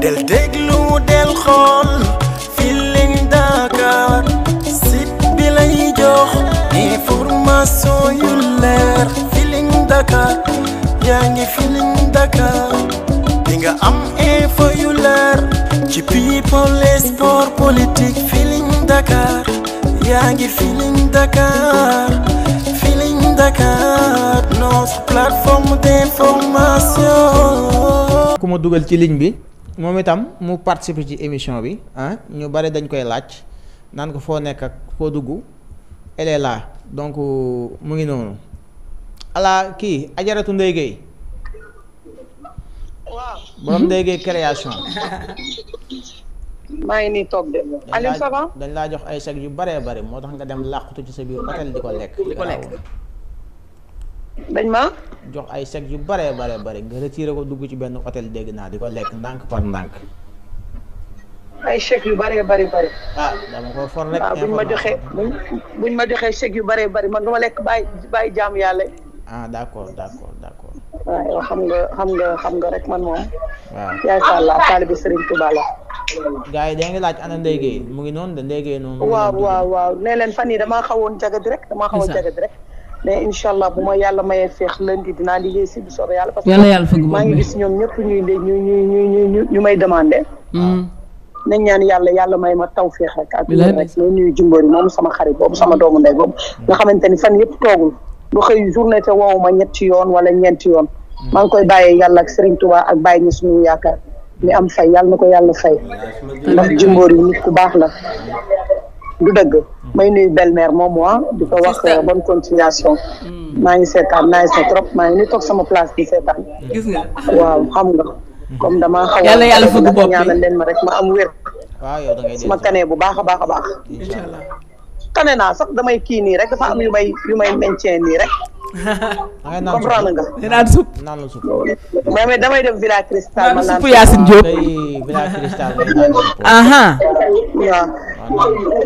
del déglu del xool Feeling Dakar site bi lay jox information leer Feeling Dakar yaa ngi Feeling Dakar di nga am info yu leer ci people et sport politique Feeling Dakar yaa ngi Feeling Dakar Dakar ku ma dugal ci ligne bi moom itam mu participer ci émission bi ah ñu bari dañ koy laaj naan ko foo nekk ak foo dugg elle est donc euh, mu ngi noonu ala kii ajaratu Ndeye Gueye. waaw borom Ndeye création. maa ngi nii toog de dañ laa jox ay chèques yu baree bari moo tax nga dem làqutu ci sa biir hôtel di di ko lekk dañ ma. jox ay chèques yu bare bare bare nga retiré ko dugg ci benn hôtel dégg naa di ko lekk ndànk par ndànk. ay chèques yu bare bare bare. ah dama ko for rek. Ah, ma joxee buñ ma joxee chèques yu bare bare man du lekk bàyyi bàyyi jaamu yàlla. ah d' accord d' accord d' accord. Ah, nga xam nga xam man moom. waaw yaay Salla taalibi Serigne Touba la. gars yi da ngi laaj ana Ndeye Gueye mu ngi noonu de Ndeye noonu. waaw waaw waaw leen fan yii damaa xawoon jagad rek damaa xawoon jagad rek. mais incha allah bu ma yàlla mayee feex lundi dinaa liggéey si bu soobee yàlla. parce que maa ngi gis ñoom ñëpp ñuy ñuy ñuy ñuy ñu may demandé. Hmm. nañ ñaan yàlla yàlla may ma taw feex rek ak rek loo nuyu jumboori moom sama xarit boobu sama doomu ndey hmm. nga xamante ni fan yëpp toogul lu xëy journée te woowu ma ñetti yoon wala ñeenti yoon hmm. maa ngi koy bàyyee yàlla ak Serigne Touba ak bàyyi ñu suñu yaakaar mi am fay yàlla na ko yàlla fay ndax jumboori nit ku baax la du dëgg may nuyu belle-mère moom moi ah, di ko wax euh, bonne hmm. maa ngi seetaan naa ngi sa trop maa ngi ni toog sama place di seetaan gis nga waaw xam nga comme damaa xaw yàlla yàlla fëgg bopp ñaanal leen ma rek ma am wér ma kanee bu baax a baax a baax inshallah naa sax damay kii nii rek dafa am yu may yu may maintien nii rek comprendre nga. nee naa suuf naan la suuf. mais damay dem Villa Cristal. ma naan suufu Yacine Diop. waaw.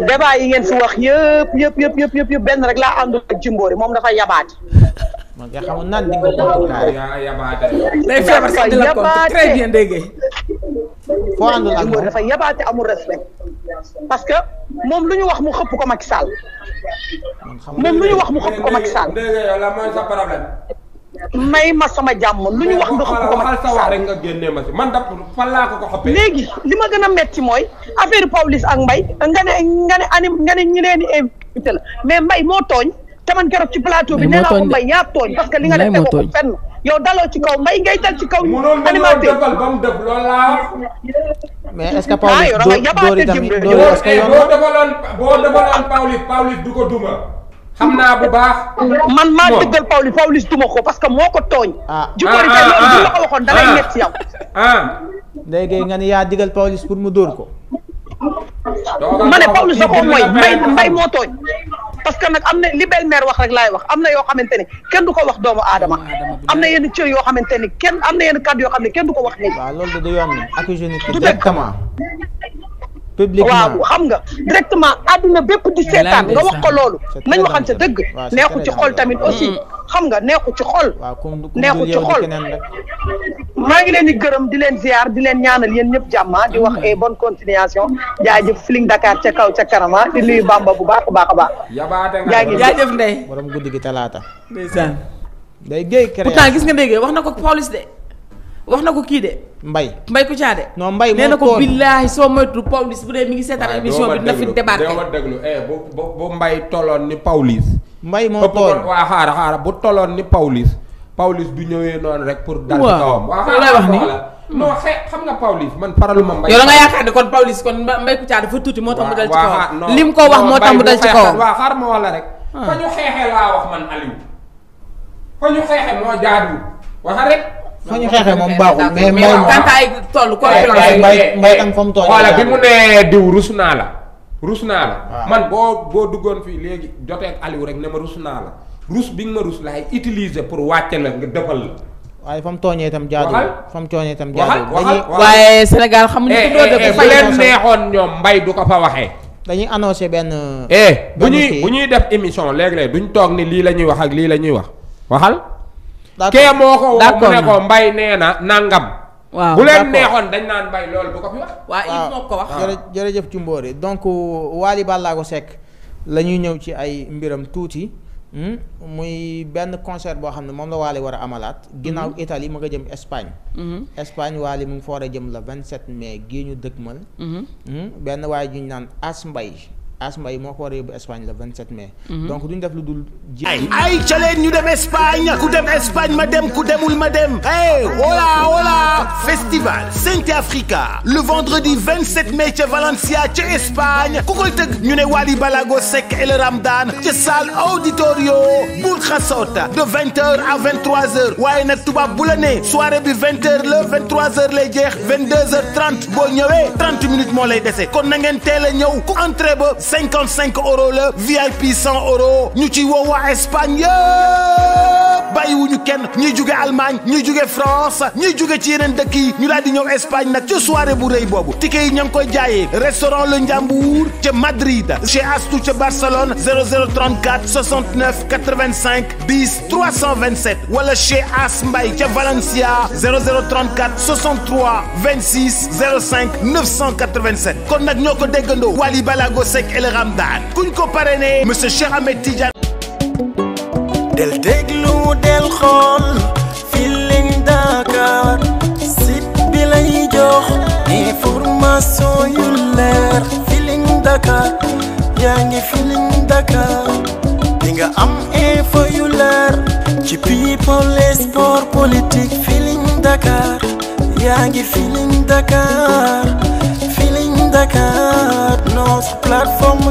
débat yi ngeen fi wax yëpp yëpp yëpp yëpp yëpp yëpp benn rek laa àndul ak Jimbori moom dafa yabaate. man nga xamul nan di nga ko yabaate. day feebar sax di la compte dafa yabaate amul respect parce que moom lu ñu wax mu xëpp ko Macky Sall. moom lu ñu wax mu xëpp ko Macky Sall. may ma sama jàmm lu ñu wax nga xëpp ko Macky Sall. man da fan laa ko ko xëppee. léegi li ma gën a metti mooy. affaire Pawlish ak Mbaye nga ne nga ne anim nga ne ñu leen di la mais mbay moo tooñ te man keroog ci plateau bi nee naa ko Mbaye yaa tooñ parce que li nga def tegu ko fenn yow daloo ci kaw Mbaye ngay dal ci kaw animateur mais est-ce que Pawlish doori tamit doori est-ce que yoon boo defaloon boo defaloon Pawlish Pawlish du ko xam naa bu baax. man maa dëggal Pawlish Pawlish duma ko parce que moo ko tooñ. ah ah ah ah ah ah ah ah ah ah ah ah ah ah ah ah ah ma ne Pawlish da koo mooy moo tooñ parce am na li belle-mère wax rek laay wax am na yoo xamante ne kenn du ko wax doomu aadama am na yenn cër yoo xamante ne kenn am na yenn kàddu yoo xam ne kenn du ko wax nit. waaw loolu de du yoon ak publiquement waaw xam nga directement àdduna bépp di seetaan nga wax ko loolu nañ waxante dëgg neexu ci xol tamit aussi mm. xam nga neexu ci xol neexu ci xol maa ngi leen di gërëm di leen ziar di leen ñaanal yéen ñëpp jàmma ah, di wax e bonne continuation jaajëf Feeling Dakar ca kaw ca kanama ah, di nuyu Bamba bu baax a baax a baax jaa ngi jaajëf Ndeye borom guddi gi talaata ndeysaan day géey pourtant gis nga dégg wax na ko police de wax na ko kii de. mbay mbay ku caa de. non mbay moo nee na ko billaahi soo moytu Pawlish bu dee mi ngi seetaan émission bi dina fi débarqué waaw déglu eh, bu bu mbay tolloon ni Pawlish. mbay moo toll waa xaara xaara bu tolloon ni Pawlish. Pawlish du ñëwee noonu rek pour. dal kawam waaw wax ni non xe xam nga Pawlish man paraluma mbay. yow da nga yaakaar ne kon Pawlish kon mbay ku caa dafa tuuti moo tax mu dal ci kawam. waaw lim ko wax moo ma wala rek. Ah. fa ñu xeexee laa wax man Aliou. fa ñu xeexee moo jaadu waxa rek fa ñu xeexee moom baaxul mais mbay moom kantaay ko may mbay tam fa mu toll wala bi mu nee diw rus naa la rus naa la man boo boo duggoon fii léegi jotee ak Aliou rek ne ma rus naa la rus bi nga ma rus laay utiliser pour wàcce la nga defal la waaye fa mu tooñee itam jaaduwul fa mu tooñee itam jaaduwul dañuy waaye Sénégal xamuñu eh, ku doo eh, eh, dëkk bu leen neexoon ñoom mbay du ko fa waxee dañuy annoncé benn eh bu ñuy bu ñuy def émission léeg-léeg ñu toog ni lii la ñuy wax ak lii la ñuy wax kee moo ko woo mu ne ko mbay nee na nangam. waaw bu leen neexoon dañ naan mbay loolu bu ko fi wax. waaw il moo ko wax. jërëjëf ci mbóori donc Waly Ballago Seck la ñuy ñëw ci ay mbiram tuuti. Hmm, muy benn concert boo xam ne moom la Waly war a amalaat. Mhm. ginnaaw Italie mu nga jëm Espagne. Mhm. Espagne Waly mu ngi fa war a jëm le 27 mai gii ñu dëgmal. Mhm. Hmm, benn waaye ju ñu naan As Mbay Asmbaye moo ko war a yóbbu Espagne le 27 mai. Mhm. donc duñ def lu dul. ay ay ca leen ñu dem Espagne ku dem Espagne ma dem ku demul ma dem. hey hola hola festival Sainte Africa le vendredi 27 mai ca Valencia ca Espagne ku koy tëgg ñu ne Wally Balago Seck et le Ramdan ca salle auditorio Burjasot de 20 heures à 23 waaye na tubaab bu la ne soirée bi 20 heures la 23 heures lay jeex 22 heures 30 boo ñëwee 30 moo lay dese kon na ngeen teel a ñëw ku entrée ba. cinquante cinq euros la VIP cent euros ñu ci woo waa Espagne yëpp bàyyiwuñu kenn ñi jóge Allemagne ñi jóge France ñi jóge ci yeneen dëkk yi ñu daal di ñëw Espagne nag ci soirée bu rëy boobu ticket yi ña ngi koy jaayee restaurant Le Ndiambour ca Madrid chez Astou ca Barcelone 0034 69 85 10 327 wala chez As Mbaye ca Valencia 0034 63 26 05 987 kon nag ñoo ko déggandoo Wally Balago Seck El Ramdan kuñ ko parrainé monsieur Cheikh Ahmed Tidiane. del déglu del xool Dakar site bi lay Dakar yaa ngi Feeling Dakar di Dakar yaa Dakar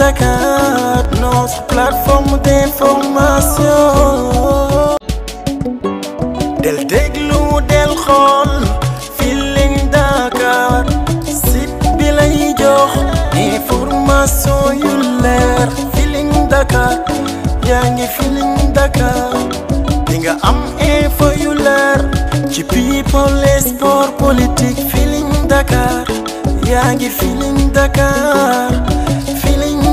Dakar, notre plateforme d'information. del déglu del xool Feeling Dakar site bi lay jox information yu leer Feeling Dakar yaa ngi Feeling Dakar yu leer ci people et sport politique Feeling Dakar yaa ngi Feeling Dakar